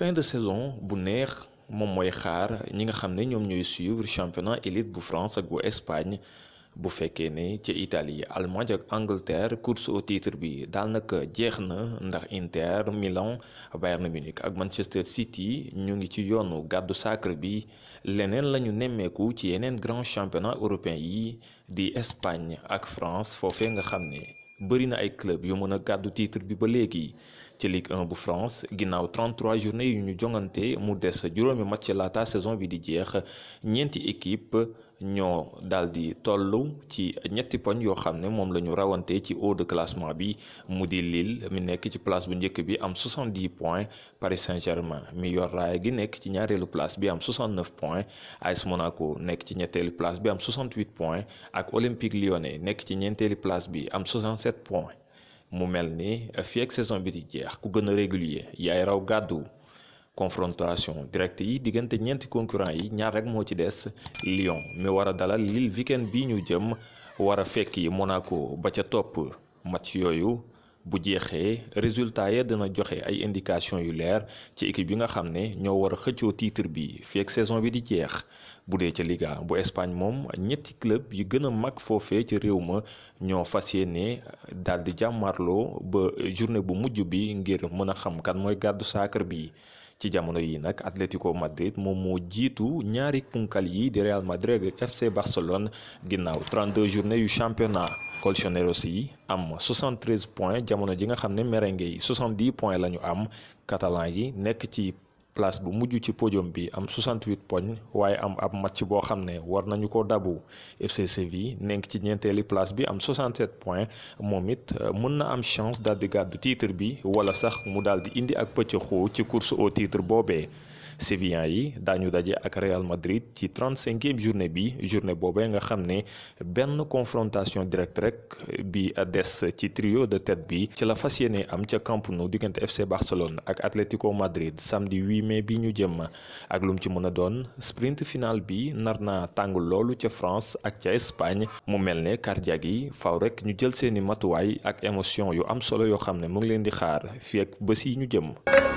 fin de saison bu neex moom mooy xaar ñi nga xam ne ñoom suivre championnat élite bu France ak bu Espagne bu fekkee ne ca Italie Allemagne ak Angleterre course au titre bi daal nag jeex na ndax Inter Milan Bayern Munich ak Manchester City ñu ngi ci yoonu gàddu sacre bi leneen lañu nemmeeku ci yeneen grand championnat européen yi di Espagne ak France foofee nga xam bëri na ay club yu mën a gàddu titre bi ba léegi ci Ligue 1 bu France ginnaaw 33 journée yu ñu jongante mu des juróomi match laata saison bi di jeex ñeenti équipe ñoo daal di toll ci ñetti poñ yoo xam ne moom la ñu rawante ci haut de classement bi mu di Lille mi nekk ci place bu njëkk bi am 70 points Paris Saint-Germain mi yor raay gi nekk ci ñaareelu place bi am 69 points AS Monaco nekk ci ñetteelu place bi am point points ak Olympique Lyonnais nekk ci ñeenteelu place bi am 67 points mu mel ni fii ak saison bi di jeex ku gën a régulier yaay raw gàddu. confrontation direct yi diggante ñeenti concurrent yi ñaar rek moo ci des Lyon mi war a dalal Lille weekend bi ñu jëm war a fekki Monaco ba ca topp match yooyu bu jeexee résultat ya dina joxe ay indication yu leer ci équipe yi nga xam ne ñoo war a xëccoo titre bi fii ak saison bi di jeex bu dee ca Liga bu Espagne moom ñetti club yu gën a mag foofee ci réew ma ñoo fas yéene daal di jàmmarloo ba journée bu mujj bi ngir mën a xam kan mooy gàddu saakar bii ci jamono yi nag Atlético Madrid moom moo jiitu ñaari punkal yi di Real Madrid ak FC Barcelone ginnaaw 32 journées yu championnat colchoneros yi am 73 points jamono ji nga xam ne merengue yi 70 points la ñu am catalan yi nekk ci. place bu mujj ci podium bi am 68 points waaye am ab match boo xam ne war nañu ko dabu FC Séville ci place bi am 67 points moom it euh, mën na am chance daal di titre bi wala sax mu daal di indi ak course au titre boobee. Sévillan yi daañu Dajé ak Real Madrid ci 35e journée bi journée boobee nga xamné ben confrontation directe rek bi dess ci trio de tête bi ci la fas am ci Camp Nou diggante FC Barcelone ak Atlético Madrid samedi 8 mai bi ñu jëm ak lu ci mëna doon sprint final bi narna naa lolu ci France ak ci Espagne mu melné cardiaque yi faw rek ñu jël seeni matuway ak émotion yu am solo yo xamné ne mu ngi leen di xaar fi ak bés yi ñu jëm.